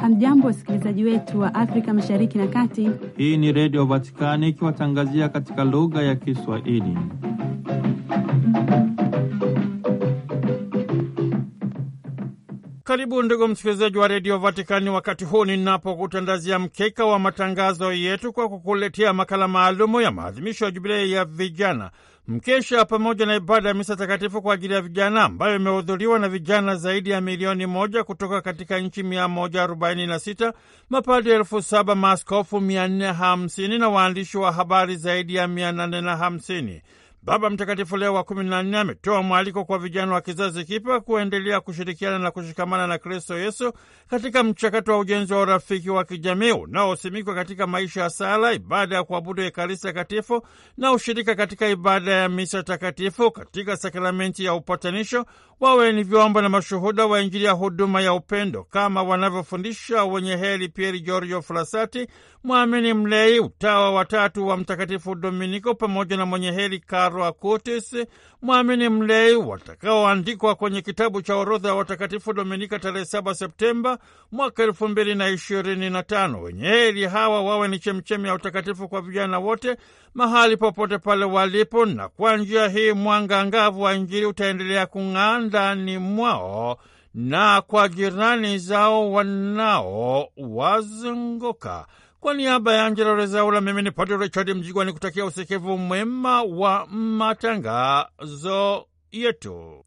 Hamjambo, wasikilizaji wetu wa Afrika mashariki na kati. Hii ni Redio Vatikani ikiwatangazia katika lugha ya Kiswahili. Karibu ndugu msikilizaji wa Redio Vatikani wakati huu ninapokutandazia mkeka wa matangazo yetu kwa kukuletea makala maalumu ya maadhimisho ya Jubilei ya vijana Mkesha pamoja na ibada ya misa takatifu kwa ajili ya vijana ambayo imehudhuriwa na vijana zaidi ya milioni moja kutoka katika nchi 146, mapadi elfu saba, maaskofu 450 na waandishi wa habari zaidi ya 850. Baba Mtakatifu Leo wa kumi na nne ametoa mwaliko kwa vijana wa kizazi kipya kuendelea kushirikiana na kushikamana na Kristo Yesu katika mchakato wa ujenzi wa urafiki wa kijamii unaosimikwa katika maisha ya sala, ibada ya kuabudu Ekaristi Takatifu na ushirika katika ibada ya misa takatifu, katika sakramenti ya upatanisho. Wawe ni vyombo na mashuhuda wa Injili ya huduma ya upendo kama wanavyofundisha wenye heri pieri Giorgio Frassati, mwamini mlei utawa watatu wa Mtakatifu Dominiko, pamoja na mwenye heri Karo Roacutis Mwamini Mlei watakaoandikwa kwenye kitabu cha orodha ya watakatifu Dominika tarehe 7 Septemba mwaka elfu mbili na ishirini na tano. Wenye heri hawa wawe ni chemchemi ya utakatifu kwa vijana wote mahali popote pale walipo, na kwa njia hii mwanga angavu wa Injili utaendelea kung'aa ndani mwao na kwa jirani zao wanao wazunguka. Kwa niaba ya Angela Rezaula, mimi ni Padre Richard Mjigwa ni kutakia usikivu mwema wa matangazo yetu.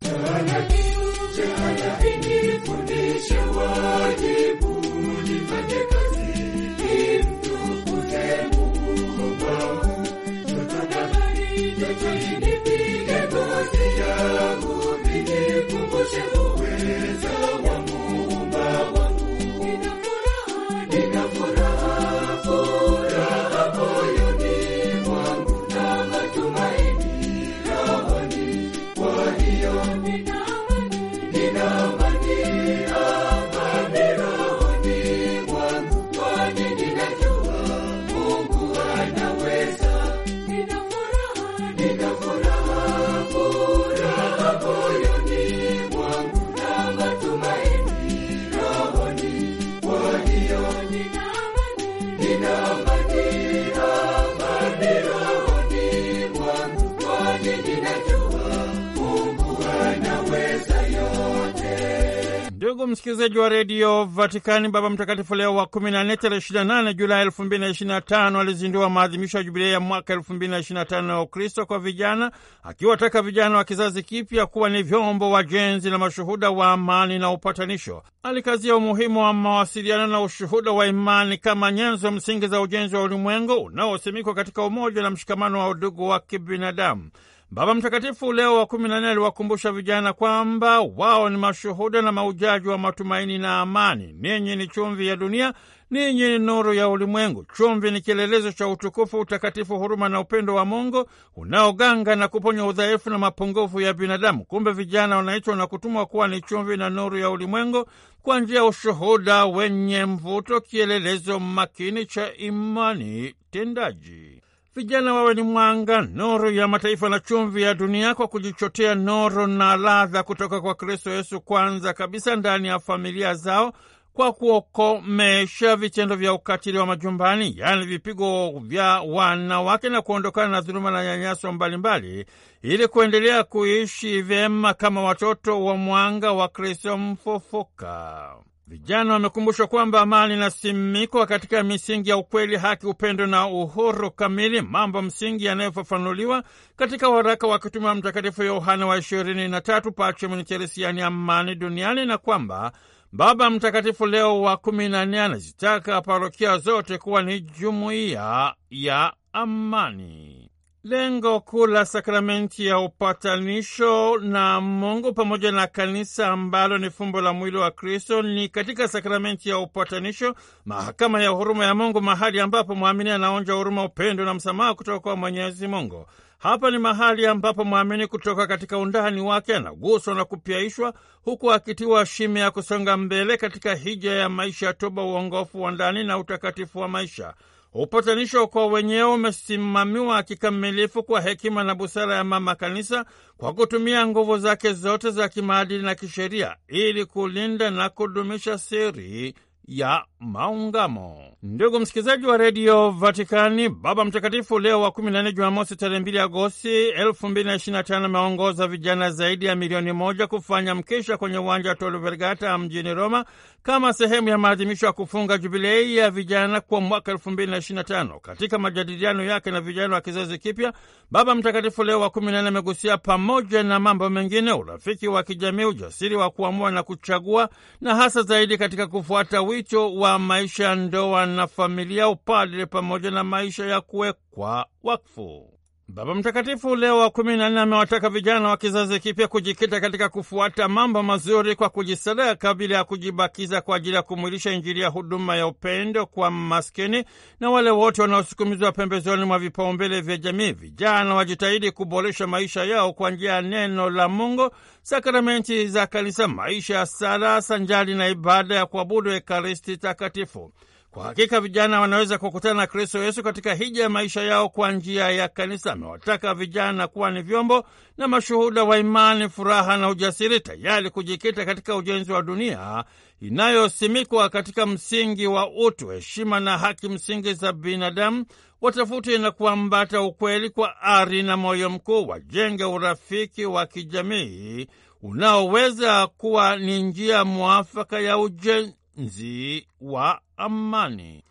msikilizaji wa redio Vatikani, Baba Mtakatifu Leo wa 14 tarehe 28 Julai 2025 alizindua maadhimisho ya jubilei ya mwaka 2025 ya Ukristo kwa vijana, akiwataka vijana wa kizazi kipya kuwa ni vyombo wajenzi na mashuhuda wa amani na upatanisho. Alikazia umuhimu wa mawasiliano na ushuhuda wa imani kama nyenzo msingi za ujenzi wa ulimwengu unaosimikwa katika umoja na mshikamano wa udugu wa kibinadamu. Baba Mtakatifu Leo wa kumi na nne aliwakumbusha vijana kwamba wao ni mashuhuda na maujaji wa matumaini na amani. Ninyi ni chumvi ya dunia, ninyi ni nuru ya ulimwengu. Chumvi ni kielelezo cha utukufu, utakatifu, huruma na upendo wa Mungu unaoganga na kuponya udhaifu na mapungufu ya binadamu. Kumbe vijana wanaitwa na kutumwa kuwa ni chumvi na nuru ya ulimwengu kwa njia ya ushuhuda wenye mvuto, kielelezo makini cha imani tendaji vijana wawe ni mwanga, nuru ya mataifa na chumvi ya dunia, kwa kujichotea noro na ladha kutoka kwa Kristo Yesu, kwanza kabisa ndani ya familia zao, kwa kuokomesha vitendo vya ukatili wa majumbani, yaani vipigo vya wanawake, na kuondokana na dhuluma na nyanyaso mbalimbali, ili kuendelea kuishi vyema kama watoto wa mwanga wa Kristo mfufuka. Vijana wamekumbushwa kwamba amani inasimikwa katika misingi ya ukweli, haki, upendo na uhuru kamili, mambo msingi yanayofafanuliwa katika waraka wa kitume wa Mtakatifu Yohane wa ishirini na tatu Pacem in Terris, yaani amani duniani, na kwamba Baba Mtakatifu Leo wa kumi na nne anazitaka parokia zote kuwa ni jumuiya ya amani. Lengo kuu la sakramenti ya upatanisho na Mungu pamoja na kanisa ambalo ni fumbo la mwili wa Kristo ni katika sakramenti ya upatanisho, mahakama ya huruma ya Mungu, mahali ambapo mwamini anaonja huruma, upendo na msamaha kutoka kwa Mwenyezi Mungu. Hapa ni mahali ambapo mwamini kutoka katika undani wake anaguswa na kupyaishwa, huku akitiwa shime ya kusonga mbele katika hija ya maisha ya toba, uongofu wa ndani na utakatifu wa maisha. Upatanisho kwa wenyewe umesimamiwa kikamilifu kwa hekima na busara ya Mama Kanisa kwa kutumia nguvu zake zote za kimaadili na kisheria ili kulinda na kudumisha siri ya maungamo. Ndugu msikilizaji wa redio Vatikani, Baba Mtakatifu Leo wa 14 Jumamosi tarehe 2 Agosti 2025 ameongoza vijana zaidi ya milioni moja kufanya mkesha kwenye uwanja wa Tor Vergata mjini Roma kama sehemu ya maadhimisho ya kufunga jubilei ya vijana kwa mwaka 2025. Katika majadiliano yake na vijana wa kizazi kipya, Baba Mtakatifu Leo wa 14 amegusia pamoja na mambo mengine urafiki wa kijamii, ujasiri wa kuamua na kuchagua, na hasa zaidi katika kufuata wito wa kwa maisha ya ndoa na familia, upadre pamoja na maisha ya kuwekwa wakfu. Baba Mtakatifu Leo wa kumi na nne amewataka vijana wa kizazi kipya kujikita katika kufuata mambo mazuri kwa kujisadaa bila ya kujibakiza kwa ajili ya kumwilisha Injili ya huduma ya upendo kwa maskini na wale wote wanaosukumizwa pembezoni mwa vipaumbele vya jamii. Vijana wajitahidi kuboresha maisha yao kwa njia ya neno la Mungu, sakramenti za Kanisa, maisha ya sala sanjali na ibada ya kuabudu Ekaristi Takatifu. Kwa hakika vijana wanaweza kukutana na Kristo Yesu katika hija ya maisha yao kwa njia ya kanisa. Amewataka vijana kuwa ni vyombo na mashuhuda wa imani, furaha na ujasiri, tayari kujikita katika ujenzi wa dunia inayosimikwa katika msingi wa utu, heshima na haki msingi za binadamu. Watafute na kuambata ukweli kwa ari na moyo mkuu, wajenge urafiki wa kijamii unaoweza kuwa ni njia mwafaka ya ujenzi wa amani.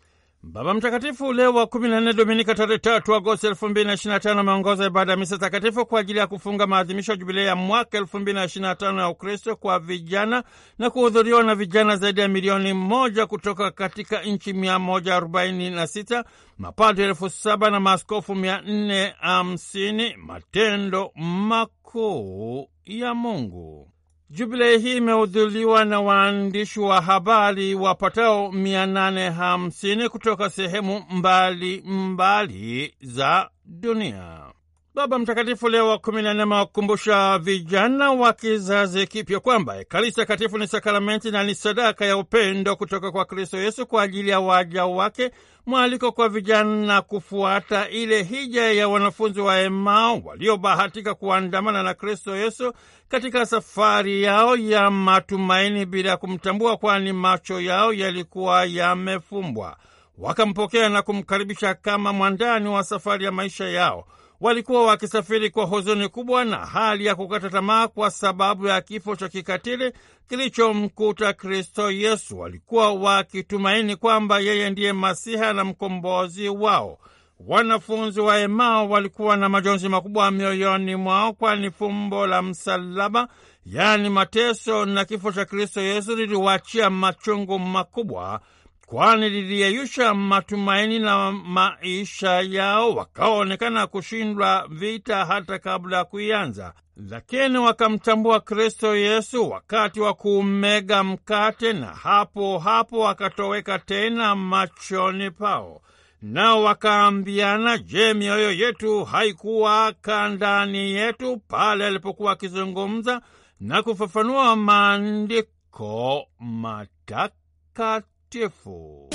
Baba Mtakatifu Leo wa 14 Dominika tarehe 3 Agosti 2025 ameongoza ibada ya misa takatifu kwa ajili ya kufunga maadhimisho ya jubilei ya mwaka 2025 ya Ukristo kwa vijana na kuhudhuriwa na vijana zaidi ya milioni moja kutoka katika nchi 146, mapadri elfu saba na maaskofu 450. Matendo makuu ya Mungu. Jubilei hii imehudhuliwa na waandishi wa habari wapatao 850 kutoka sehemu mbalimbali mbali za dunia. Baba Mtakatifu Leo wa kumi na nne amewakumbusha vijana wa kizazi kipya kwamba Ekaristi Takatifu ni sakramenti na ni sadaka ya upendo kutoka kwa Kristo Yesu kwa ajili ya waja wake, mwaliko kwa vijana kufuata ile hija ya wanafunzi wa emao waliobahatika kuandamana na Kristo Yesu katika safari yao ya matumaini bila kumtambua, kwani macho yao yalikuwa yamefumbwa. Wakampokea na kumkaribisha kama mwandani wa safari ya maisha yao walikuwa wakisafiri kwa huzuni kubwa na hali ya kukata tamaa kwa sababu ya kifo cha kikatili kilichomkuta Kristo Yesu. Walikuwa wakitumaini kwamba yeye ndiye Masiha na mkombozi wao. Wanafunzi wa Emao walikuwa na majonzi makubwa mioyoni mwao, kwani fumbo la msalaba, yaani mateso na kifo cha Kristo Yesu, liliwaachia machungu makubwa kwani liliyeyusha matumaini na maisha yao, wakaonekana kushindwa vita hata kabla ya kuianza. Lakini wakamtambua Kristo Yesu wakati wa kumega mkate, na hapo hapo wakatoweka tena machoni pao. Nao wakaambiana, je, mioyo yetu haikuwaka ndani yetu pale alipokuwa akizungumza na kufafanua maandiko matakatifu? Mtakatifu.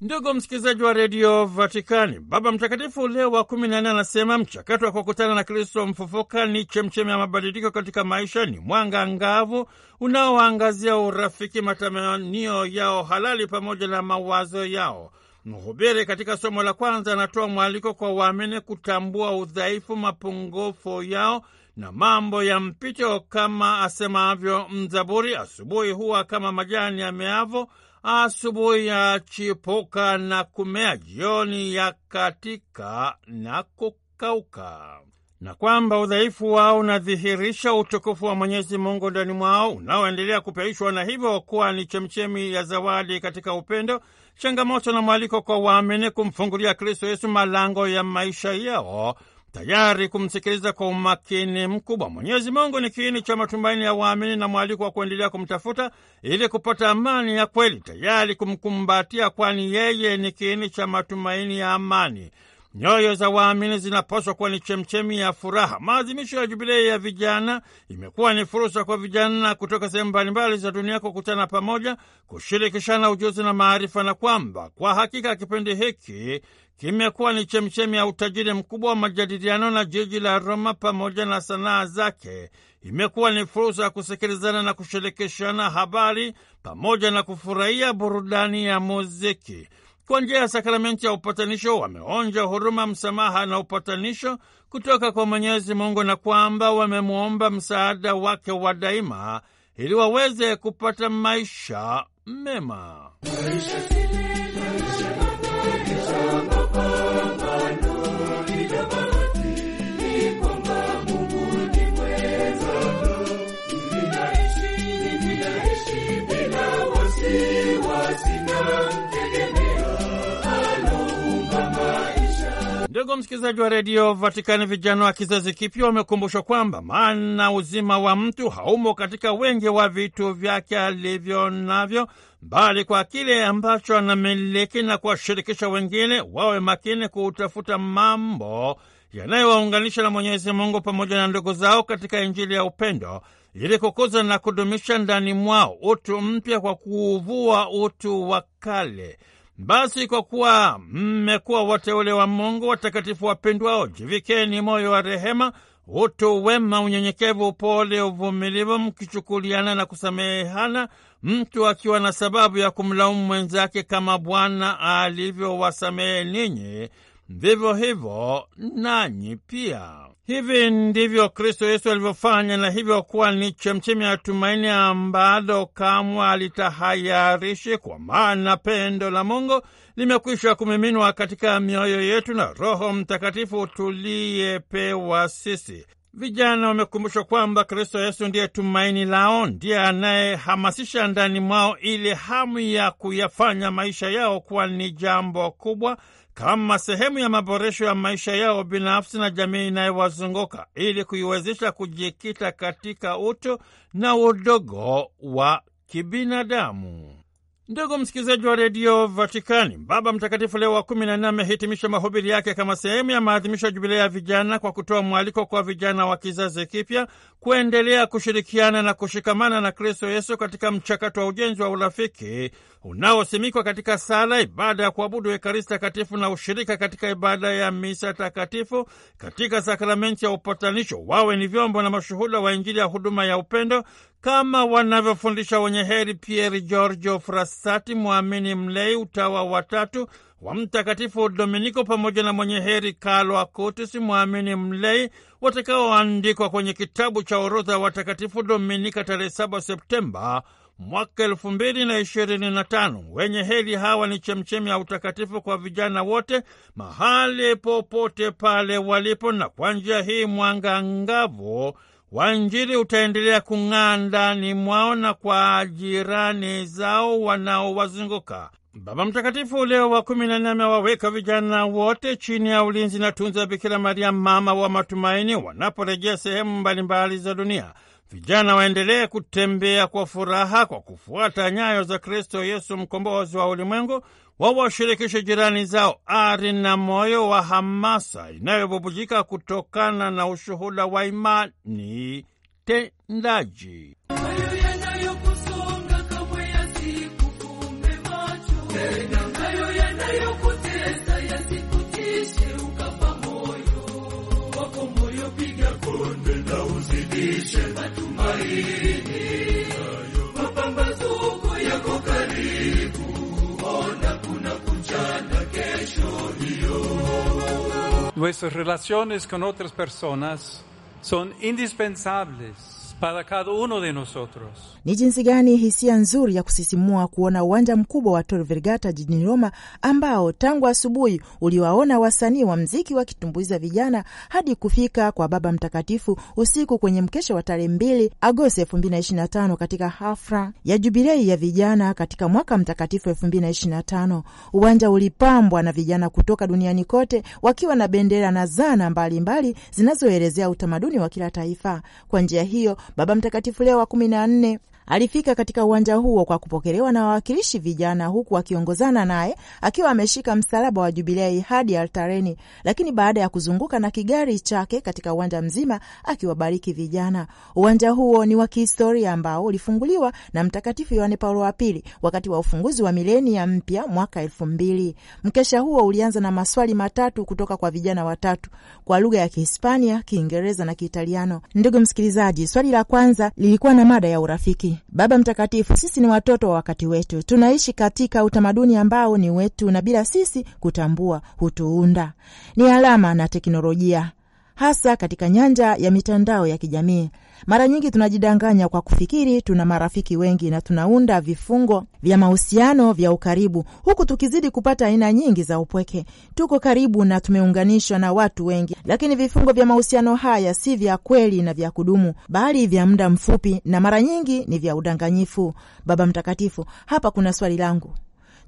Ndugu msikilizaji wa redio Vatikani, Baba Mtakatifu Leo wa kumi na nne anasema mchakato wa kukutana na Kristo mfufuka ni chemchemi ya mabadiliko katika maisha, ni mwanga ngavu unaoangazia urafiki, matamanio yao halali pamoja na mawazo yao. Mhubiri katika somo la kwanza anatoa mwaliko kwa waamini kutambua udhaifu, mapungufu yao na mambo ya mpito, kama asemavyo mzaburi: asubuhi huwa kama majani yameavo, asubuhi yachipuka na kumea, jioni ya katika na kukauka, na kwamba udhaifu wao unadhihirisha utukufu wa Mwenyezi Mungu ndani mwao unaoendelea kupeishwa na hivyo kuwa ni chemchemi ya zawadi katika upendo changamoto na mwaliko kwa waamini kumfungulia Kristo Yesu malango ya maisha yao, tayari kumsikiliza kwa umakini mkubwa. Mwenyezi Mungu ni kiini cha matumaini ya waamini na mwaliko wa kuendelea kumtafuta ili kupata amani ya kweli, tayari kumkumbatia, kwani yeye ni kiini cha matumaini ya amani. Nyoyo za waamini zinapaswa kuwa ni chemchemi ya furaha. Maadhimisho ya Jubilei ya vijana imekuwa ni fursa kwa vijana kutoka sehemu mbalimbali za dunia kukutana pamoja, kushirikishana ujuzi na maarifa, na kwamba kwa hakika kipindi hiki kimekuwa ni chemchemi ya utajiri mkubwa wa majadiliano, na jiji la Roma pamoja na sanaa zake imekuwa ni fursa ya kusikilizana na kushirikishana habari pamoja na kufurahia burudani ya muziki. Kwa njia ya sakramenti ya upatanisho wameonja huruma, msamaha na upatanisho kutoka kwa Mwenyezi Mungu, na kwamba wamemwomba msaada wake wa daima ili waweze kupata maisha mema maisha ndogo msikilizaji wa redio Vatikani, vijana wa kizazi kipya wamekumbushwa kwamba maana uzima wa mtu haumo katika wengi wa vitu vyake alivyo navyo, bali kwa kile ambacho anamiliki, na kuwashirikisha wengine wawe makini kuutafuta mambo yanayowaunganisha na Mwenyezi Mungu pamoja na ndugu zao katika Injili ya upendo ili kukuza na kudumisha ndani mwao utu mpya kwa kuuvua utu wa kale. Basi kwa kuwa mmekuwa wateule wa Mungu, watakatifu wapendwao, jivikeni moyo wa rehema, utu wema, unyenyekevu, upole, uvumilivu, mkichukuliana na kusamehana, mtu akiwa na sababu ya kumlaumu mwenzake, kama Bwana alivyowasamehe ninyi, vivyo hivyo nanyi pia. Hivi ndivyo Kristo Yesu alivyofanya na hivyo kuwa ni chemchemi ya tumaini ambalo kamwe alitahayarishi, kwa maana pendo la Mungu limekwisha kumiminwa katika mioyo yetu na Roho Mtakatifu tuliyepewa sisi. Vijana wamekumbushwa kwamba Kristo Yesu ndiye tumaini lao, ndiye anayehamasisha ndani mwao ile hamu ya kuyafanya maisha yao kuwa ni jambo kubwa kama sehemu ya maboresho ya maisha yao binafsi na jamii inayowazunguka ili kuiwezesha kujikita katika utu na udogo wa kibinadamu. Ndugu msikilizaji wa redio Vatikani, Baba Mtakatifu Leo wa kumi na nne amehitimisha mahubiri yake kama sehemu ya maadhimisho ya jubilei ya vijana kwa kutoa mwaliko kwa vijana wa kizazi kipya kuendelea kushirikiana na kushikamana na Kristo Yesu katika mchakato wa ujenzi wa urafiki unaosimikwa katika sala, ibada ya kuabudu Ekaristi takatifu na ushirika katika ibada ya misa takatifu, katika sakramenti ya upatanisho, wawe ni vyombo na mashuhuda wa Injili ya huduma ya upendo kama wanavyofundisha wenye heri Pier Giorgio Frassati, mwamini mlei utawa watatu wa Mtakatifu Dominiko, pamoja na mwenye heri Carlo Acutis, mwamini mlei watakaoandikwa kwenye kitabu cha orodha watakatifu Dominika tarehe 7 Septemba mwaka elfu mbili na ishirini na tano. Wenye heli hawa ni chemchemi ya utakatifu kwa vijana wote mahali popote pale walipo, na kwa njia hii mwanga ngavo wa Injili utaendelea kung'aa ndani mwao na kwa jirani zao wanaowazunguka. Baba Mtakatifu Leo wa kumi na nne amewaweka vijana wote chini ya ulinzi na tunza Bikira Maria, mama wa matumaini, wanaporejea sehemu mbalimbali za dunia. Vijana waendelee kutembea kwa furaha kwa kufuata nyayo za Kristo Yesu, mkombozi wa ulimwengu. Wawashirikishe jirani zao ari na moyo wa hamasa inayobubujika kutokana na ushuhuda wa imani tendaji. Nuestras relaciones con otras personas son indispensables para cada uno de nosotros. Ni jinsi gani hisia nzuri ya kusisimua kuona uwanja mkubwa wa Tor Vergata jijini Roma, ambao tangu asubuhi uliwaona wasanii wa mziki wakitumbuiza vijana hadi kufika kwa Baba Mtakatifu usiku kwenye mkesha wa tarehe 2 Agosti tano katika hafla ya jubilei ya vijana katika mwaka mtakatifu tano. Uwanja ulipambwa na vijana kutoka duniani kote wakiwa na bendera na zana mbalimbali zinazoelezea utamaduni wa kila taifa. Kwa njia hiyo Baba Mtakatifu Leo wa kumi na nne Alifika katika uwanja huo kwa kupokelewa na wawakilishi vijana, huku akiongozana naye akiwa ameshika msalaba wa Jubilei hadi altareni, lakini baada ya kuzunguka na kigari chake katika uwanja mzima akiwabariki vijana. Uwanja huo ni wa kihistoria ambao ulifunguliwa na Mtakatifu Yohane Paulo wa Pili wakati wa ufunguzi wa milenia mpya mwaka elfu mbili. Mkesha huo ulianza na maswali matatu kutoka kwa vijana watatu kwa lugha ya Kihispania, Kiingereza na Kiitaliano. Ndugu msikilizaji, swali la kwanza lilikuwa na mada ya urafiki Baba Mtakatifu, sisi ni watoto wa wakati wetu, tunaishi katika utamaduni ambao ni wetu na bila sisi kutambua hutuunda. Ni alama na teknolojia hasa katika nyanja ya mitandao ya kijamii mara nyingi tunajidanganya kwa kufikiri tuna marafiki wengi na tunaunda vifungo vya mahusiano vya ukaribu, huku tukizidi kupata aina nyingi za upweke. Tuko karibu na tumeunganishwa na watu wengi, lakini vifungo vya mahusiano haya si vya kweli na vya kudumu, bali vya muda mfupi na mara nyingi ni vya udanganyifu. Baba Mtakatifu, hapa kuna swali langu.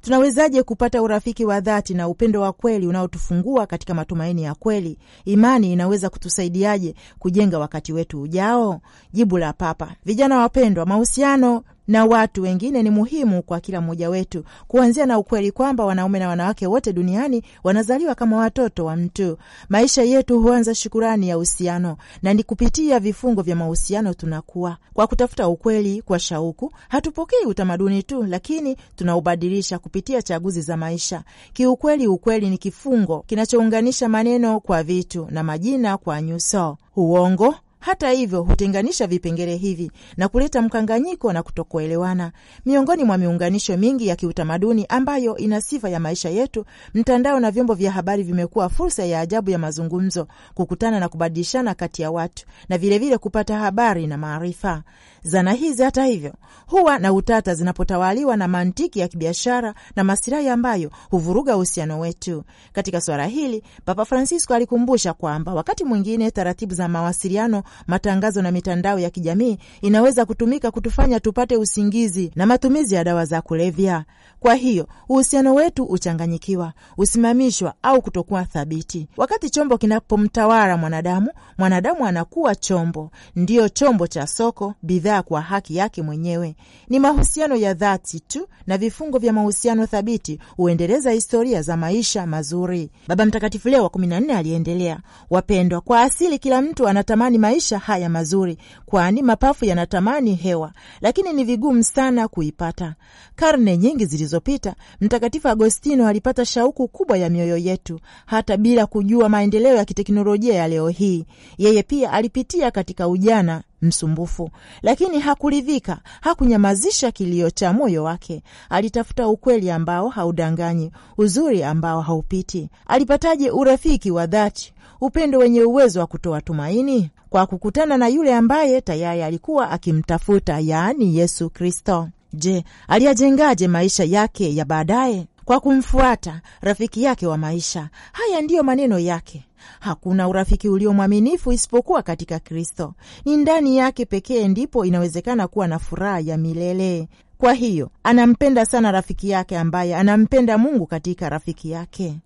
Tunawezaje kupata urafiki wa dhati na upendo wa kweli unaotufungua katika matumaini ya kweli? Imani inaweza kutusaidiaje kujenga wakati wetu ujao? Jibu la Papa. Vijana wapendwa, mahusiano na watu wengine ni muhimu kwa kila mmoja wetu, kuanzia na ukweli kwamba wanaume na wanawake wote duniani wanazaliwa kama watoto wa mtu. Maisha yetu huanza shukurani ya uhusiano, na ni kupitia vifungo vya mahusiano tunakuwa. Kwa kutafuta ukweli kwa shauku, hatupokei utamaduni tu, lakini tunaubadilisha kupitia chaguzi za maisha. Kiukweli, ukweli ni kifungo kinachounganisha maneno kwa vitu na majina kwa nyuso. Uongo hata hivyo hutenganisha vipengele hivi na kuleta mkanganyiko na kutokuelewana miongoni mwa miunganisho mingi ya kiutamaduni ambayo ina sifa ya maisha yetu. Mtandao na vyombo vya habari vimekuwa fursa ya ajabu ya mazungumzo, kukutana na kubadilishana kati ya watu na vilevile vile kupata habari na maarifa. Zana hizi hata hivyo huwa na utata zinapotawaliwa na mantiki ya kibiashara na masilahi ambayo huvuruga uhusiano wetu. Katika swara hili, Papa Francisco alikumbusha kwamba wakati mwingine taratibu za mawasiliano matangazo na mitandao ya kijamii inaweza kutumika kutufanya tupate usingizi na matumizi ya dawa za kulevya. Kwa hiyo uhusiano wetu uchanganyikiwa, usimamishwa au kutokuwa thabiti. Wakati chombo kinapomtawala mwanadamu, mwanadamu anakuwa chombo, ndiyo chombo cha soko, bidhaa kwa haki yake mwenyewe. Ni mahusiano ya dhati tu, na vifungo vya mahusiano thabiti huendeleza historia za maisha mazuri. Baba Mtakatifu Leo wa kumi na nne aliendelea: Wapendwa, kwa asili kila mtu anatamani maisha maisha haya mazuri, kwani mapafu yanatamani hewa, lakini ni vigumu sana kuipata. Karne nyingi zilizopita, Mtakatifu Agostino alipata shauku kubwa ya mioyo yetu, hata bila kujua maendeleo ya kiteknolojia ya leo hii. Yeye pia alipitia katika ujana msumbufu lakini hakuridhika. Hakunyamazisha kilio cha moyo wake. Alitafuta ukweli ambao haudanganyi, uzuri ambao haupiti. Alipataje urafiki wa dhati, upendo wenye uwezo wa kutoa tumaini? kwa kukutana na yule ambaye tayari alikuwa akimtafuta, yaani Yesu Kristo. Je, aliyajengaje maisha yake ya baadaye? Kwa kumfuata rafiki yake wa maisha. Haya ndiyo maneno yake: hakuna urafiki ulio mwaminifu isipokuwa katika Kristo. Ni ndani yake pekee ndipo inawezekana kuwa na furaha ya milele. Kwa hiyo anampenda sana rafiki yake ambaye anampenda Mungu katika rafiki yake.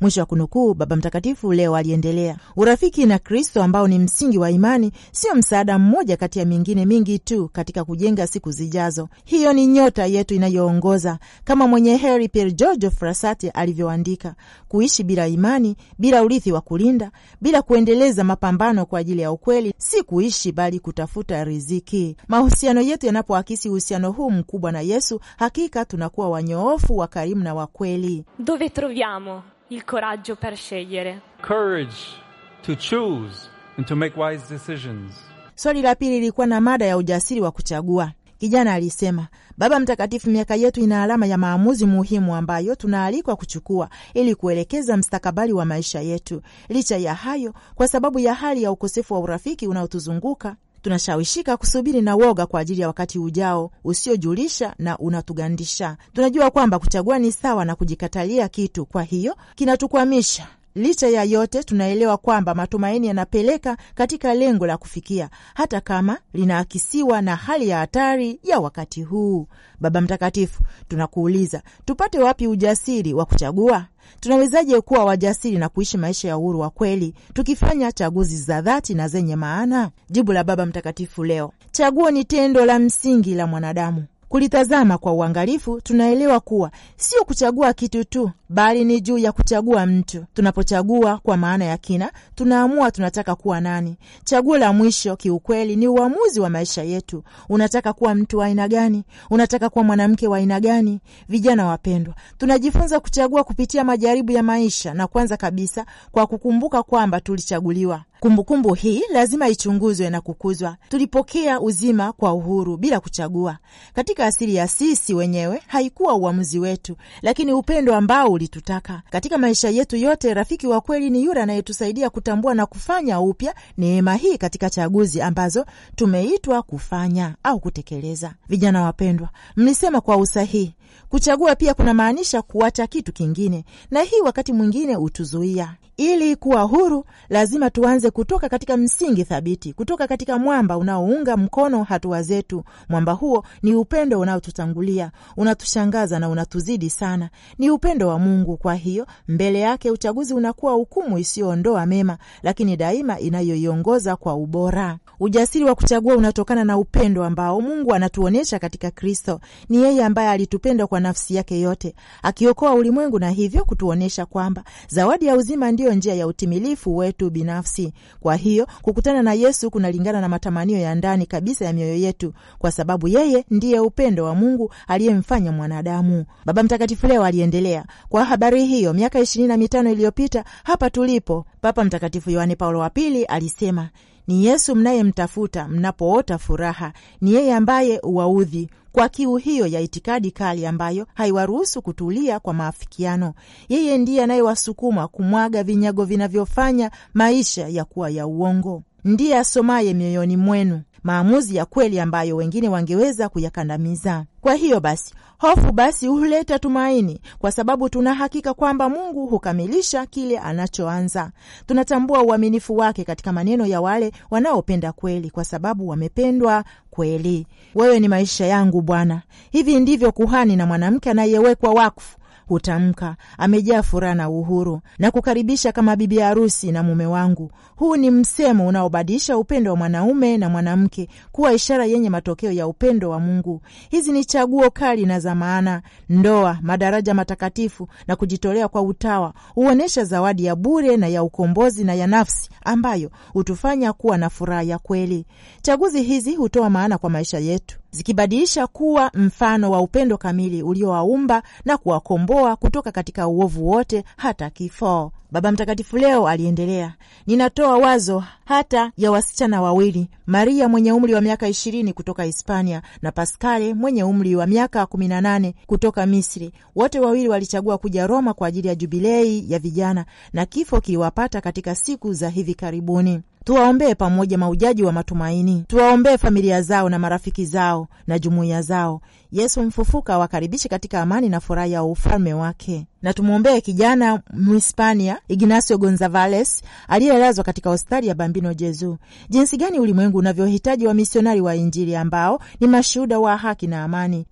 Mwisho wa kunukuu. Baba Mtakatifu leo aliendelea, urafiki na Kristo ambao ni msingi wa imani sio msaada mmoja kati ya mingine mingi tu katika kujenga siku zijazo. Hiyo ni nyota yetu inayoongoza, kama mwenye heri Pier Giorgio Frassati alivyoandika, kuishi bila imani, bila urithi wa kulinda, bila kuendeleza mapambano kwa ajili ya ukweli, si kuishi bali kutafuta riziki. Mahusiano yetu yanapoakisi uhusiano huu mkubwa na Yesu, hakika tunakuwa wanyoofu, wakarimu na wakweli. Dove troviamo il coraggio per scegliere. Courage to choose and to make wise decisions. Swali la pili lilikuwa na mada ya ujasiri wa kuchagua. Kijana alisema, Baba Mtakatifu, miaka yetu ina alama ya maamuzi muhimu ambayo tunaalikwa kuchukua ili kuelekeza mstakabali wa maisha yetu. Licha ya hayo, kwa sababu ya hali ya ukosefu wa urafiki unaotuzunguka tunashawishika kusubiri na woga kwa ajili ya wakati ujao usiojulisha na unatugandisha. Tunajua kwamba kuchagua ni sawa na kujikatalia kitu, kwa hiyo kinatukwamisha Licha ya yote, tunaelewa kwamba matumaini yanapeleka katika lengo la kufikia, hata kama linaakisiwa na hali ya hatari ya wakati huu. Baba Mtakatifu, tunakuuliza tupate wapi ujasiri wa kuchagua? Tunawezaje kuwa wajasiri na kuishi maisha ya uhuru wa kweli tukifanya chaguzi za dhati na zenye maana? Jibu la Baba Mtakatifu leo: chaguo ni tendo la msingi la mwanadamu kulitazama kwa uangalifu, tunaelewa kuwa sio kuchagua kitu tu, bali ni juu ya kuchagua mtu. Tunapochagua kwa maana ya kina, tunaamua tunataka kuwa nani. Chaguo la mwisho kiukweli ni uamuzi wa maisha yetu. Unataka kuwa mtu wa aina gani? Unataka kuwa mwanamke wa aina gani? Vijana wapendwa, tunajifunza kuchagua kupitia majaribu ya maisha, na kwanza kabisa kwa kukumbuka kwamba tulichaguliwa. Kumbukumbu hii lazima ichunguzwe na kukuzwa. Tulipokea uzima kwa uhuru bila kuchagua, katika asili ya sisi wenyewe. Haikuwa uamuzi wetu, lakini upendo ambao ulitutaka. Katika maisha yetu yote, rafiki wa kweli ni yule anayetusaidia kutambua na kufanya upya neema hii katika chaguzi ambazo tumeitwa kufanya au kutekeleza. Vijana wapendwa, mlisema kwa usahihi, kuchagua pia maanisha kuacha kitu kingine, na hii wakati mwingine hutuzuia. Ili kuwa huru, lazima tuanze tuweze kutoka katika msingi thabiti, kutoka katika mwamba unaounga mkono hatua zetu. Mwamba huo ni upendo unaotutangulia, unatushangaza na unatuzidi sana. Ni upendo wa Mungu. Kwa hiyo mbele yake uchaguzi unakuwa hukumu isiyoondoa mema, lakini daima inayoiongoza kwa ubora. Ujasiri wa kuchagua unatokana na upendo ambao Mungu anatuonyesha katika Kristo. Ni yeye ambaye alitupenda kwa nafsi yake yote, akiokoa ulimwengu na hivyo kutuonyesha kwamba zawadi ya uzima ndiyo njia ya utimilifu wetu binafsi. Kwa hiyo kukutana na Yesu kunalingana na matamanio ya ndani kabisa ya mioyo yetu, kwa sababu yeye ndiye upendo wa Mungu aliyemfanya mwanadamu. Baba Mtakatifu leo aliendelea kwa habari hiyo. Miaka ishirini na mitano iliyopita hapa tulipo, Papa Mtakatifu Yohane Paulo wa Pili alisema ni Yesu mnayemtafuta mnapoota furaha, ni yeye ambaye uwaudhi kwa kiu hiyo ya itikadi kali ambayo haiwaruhusu kutulia kwa maafikiano. Yeye ndiye anayewasukuma kumwaga vinyago vinavyofanya maisha ya kuwa ya uongo. Ndiye asomaye mioyoni mwenu maamuzi ya kweli ambayo wengine wangeweza kuyakandamiza. Kwa hiyo basi, hofu basi huleta tumaini, kwa sababu tuna hakika kwamba Mungu hukamilisha kile anachoanza. Tunatambua uaminifu wake katika maneno ya wale wanaopenda kweli, kwa sababu wamependwa kweli. Wewe ni maisha yangu Bwana. Hivi ndivyo kuhani na mwanamke anayewekwa wakfu hutamka, amejaa furaha na uhuru na kukaribisha kama bibi harusi na mume wangu. Huu ni msemo unaobadilisha upendo wa mwanaume na mwanamke kuwa ishara yenye matokeo ya upendo wa Mungu. Hizi ni chaguo kali na za maana: ndoa, madaraja matakatifu na kujitolea kwa utawa huonyesha zawadi ya bure na ya ukombozi na ya nafsi ambayo hutufanya kuwa na furaha ya kweli. Chaguzi hizi hutoa maana kwa maisha yetu zikibadilisha kuwa mfano wa upendo kamili uliowaumba na kuwakomboa kutoka katika uovu wote hata kifo. Baba Mtakatifu leo aliendelea, ninatoa wazo hata ya wasichana wawili, Maria mwenye umri wa miaka ishirini kutoka Hispania na Paskale mwenye umri wa miaka kumi na nane kutoka Misri. Wote wawili walichagua kuja Roma kwa ajili ya jubilei ya vijana na kifo kiliwapata katika siku za hivi karibuni. Tuwaombee pamoja maujaji wa matumaini, tuwaombee familia zao na marafiki zao na jumuiya zao. Yesu mfufuka awakaribishe katika amani na furaha ya ufalme wake na tumwombee kijana Mhispania Ignacio Gonzavales aliyelazwa katika hospitali ya Bambino Jezu, jinsi gani ulimwengu unavyohitaji wamisionari wa Injili ambao ni mashuhuda wa haki na amani.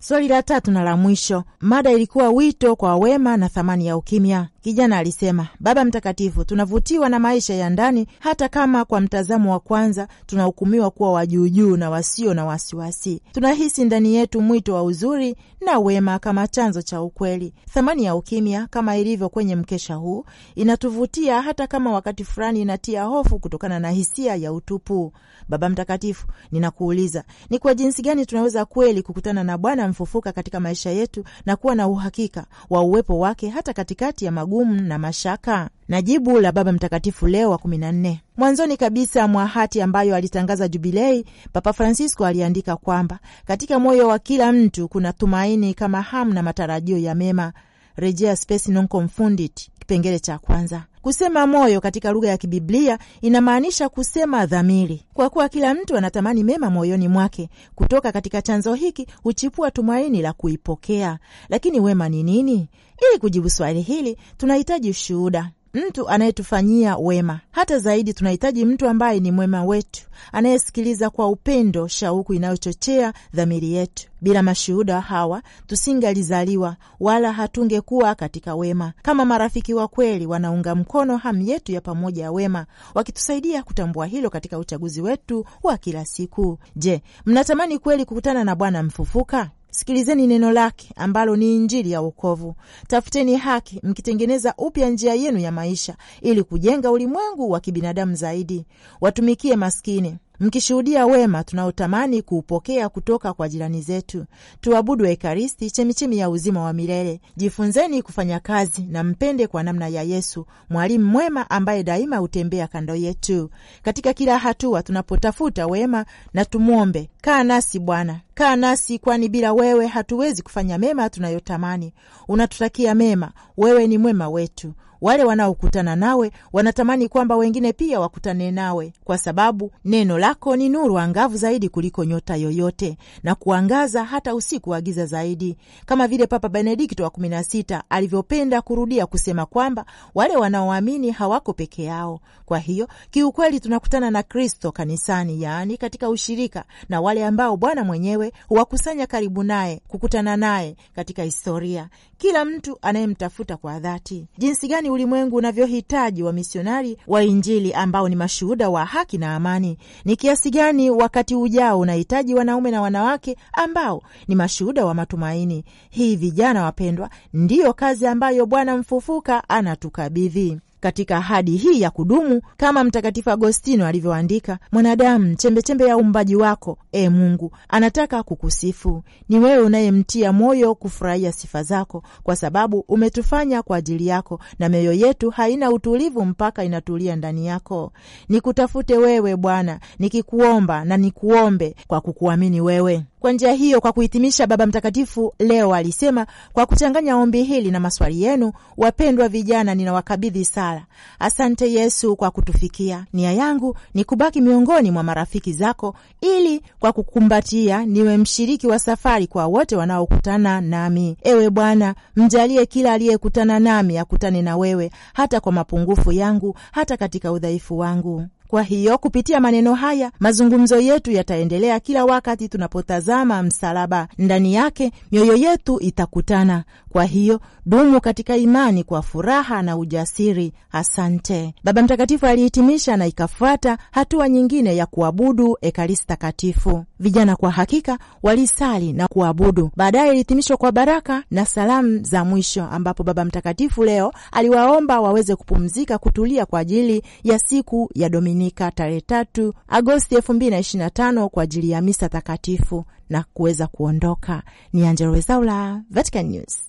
Swali la tatu na la mwisho, mada ilikuwa wito kwa wema na thamani ya ukimya. Kijana alisema, Baba Mtakatifu, tunavutiwa na maisha ya ndani, hata kama kwa mtazamo wa kwanza tunahukumiwa kuwa wajuujuu na wasio na wasiwasi. Tunahisi ndani yetu mwito wa uzuri na wema kama chanzo cha ukweli. Thamani ya ukimya, kama ilivyo kwenye mkesha huu, inatuvutia hata kama wakati fulani inatia hofu kutokana na hisia ya utupu. Baba Mtakatifu, ninakuuliza ni kwa jinsi gani tunaweza kweli kukutana na Bwana mfufuka katika maisha yetu na kuwa na uhakika wa uwepo wake hata katikati ya magumu na mashaka na jibu la Baba Mtakatifu Leo wa kumi na nne. Mwanzoni kabisa mwa hati ambayo alitangaza jubilei, Papa Francisco aliandika kwamba katika moyo wa kila mtu kuna tumaini kama hamu na matarajio ya mema, rejea Spes non confundit, kipengele cha kwanza. Kusema moyo katika lugha ya kibiblia inamaanisha kusema dhamiri. Kwa kuwa kila mtu anatamani mema moyoni mwake, kutoka katika chanzo hiki huchipua tumaini la kuipokea. Lakini wema ni nini? Ili kujibu swali hili tunahitaji shuhuda mtu anayetufanyia wema. Hata zaidi tunahitaji mtu ambaye ni mwema wetu, anayesikiliza kwa upendo, shauku inayochochea dhamiri yetu. Bila mashuhuda hawa tusingalizaliwa wala hatungekuwa katika wema. Kama marafiki wa kweli, wanaunga mkono hamu yetu ya pamoja ya wema, wakitusaidia kutambua hilo katika uchaguzi wetu wa kila siku. Je, mnatamani kweli kukutana na Bwana mfufuka? Sikilizeni neno lake ambalo ni injili ya wokovu. Tafuteni haki, mkitengeneza upya njia yenu ya maisha, ili kujenga ulimwengu wa kibinadamu zaidi. Watumikie maskini, mkishuhudia wema tunaotamani kuupokea kutoka kwa jirani zetu. Tuabudu Ekaristi, chemichemi ya uzima wa milele. Jifunzeni kufanya kazi na mpende kwa namna ya Yesu, mwalimu mwema ambaye daima hutembea kando yetu katika kila hatua tunapotafuta wema, na tumwombe: kaa nasi Bwana, kaa nasi, kwani bila wewe hatuwezi kufanya mema tunayotamani. Unatutakia mema, wewe ni mwema wetu wale wanaokutana nawe wanatamani kwamba wengine pia wakutane nawe, kwa sababu neno lako ni nuru angavu zaidi kuliko nyota yoyote na kuangaza hata usiku wa giza zaidi, kama vile Papa Benedikto wa kumi na sita alivyopenda kurudia kusema kwamba wale wanaoamini hawako peke yao. Kwa hiyo kiukweli tunakutana na Kristo kanisani, yaani katika ushirika na wale ambao Bwana mwenyewe huwakusanya karibu naye, kukutana naye katika historia, kila mtu anayemtafuta kwa dhati. Jinsi gani ulimwengu unavyohitaji wamisionari wa Injili ambao ni mashuhuda wa haki na amani. Ni kiasi gani wakati ujao unahitaji wanaume na wanawake ambao ni mashuhuda wa matumaini. Hii vijana wapendwa, ndiyo kazi ambayo Bwana mfufuka anatukabidhi katika ahadi hii ya kudumu, kama Mtakatifu Agostino alivyoandika: mwanadamu, chembechembe ya uumbaji wako, e Mungu, anataka kukusifu. Ni wewe unayemtia moyo kufurahia sifa zako, kwa sababu umetufanya kwa ajili yako, na mioyo yetu haina utulivu mpaka inatulia ndani yako. Nikutafute wewe Bwana, nikikuomba na nikuombe kwa kukuamini wewe. Kwa njia hiyo, kwa kuhitimisha, Baba Mtakatifu leo alisema, kwa kuchanganya ombi hili na maswali yenu, wapendwa vijana, ninawakabidhi sa barabara. Asante Yesu kwa kutufikia. Nia yangu ni kubaki miongoni mwa marafiki zako, ili kwa kukumbatia niwe mshiriki wa safari kwa wote wanaokutana nami. Ewe Bwana, mjalie kila aliyekutana nami akutane na wewe, hata kwa mapungufu yangu, hata katika udhaifu wangu. Kwa hiyo kupitia maneno haya mazungumzo yetu yataendelea kila wakati. Tunapotazama msalaba, ndani yake mioyo yetu itakutana. Kwa hiyo dumu katika imani kwa furaha na ujasiri. Asante. Baba Mtakatifu alihitimisha na ikafuata hatua nyingine ya kuabudu Ekaristi Takatifu. Vijana kwa hakika walisali na kuabudu, baadaye ilihitimishwa kwa baraka na salamu za mwisho, ambapo Baba Mtakatifu leo aliwaomba waweze kupumzika, kutulia kwa ajili ya siku ya Dominika ilifanyika tarehe tatu Agosti elfu mbili na ishirini na tano kwa ajili ya misa takatifu na kuweza kuondoka. Ni Angela Wezaula, Vatican News.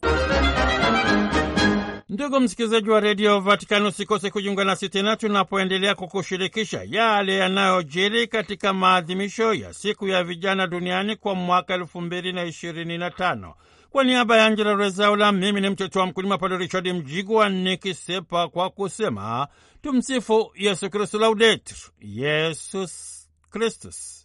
Ndugu msikilizaji wa redio Vatikani, usikose kujiunga nasi tena tunapoendelea kukushirikisha yale yanayojiri katika maadhimisho ya siku ya vijana duniani kwa mwaka elfu mbili na ishirini na tano. Kwa niaba ya Angela Rezaula, mimi ni mtoto wa mkulima Padre Richard Mjigwa nikisepa kwa kusema tumsifu Yesu Kristu, laudetur Yesus Kristus.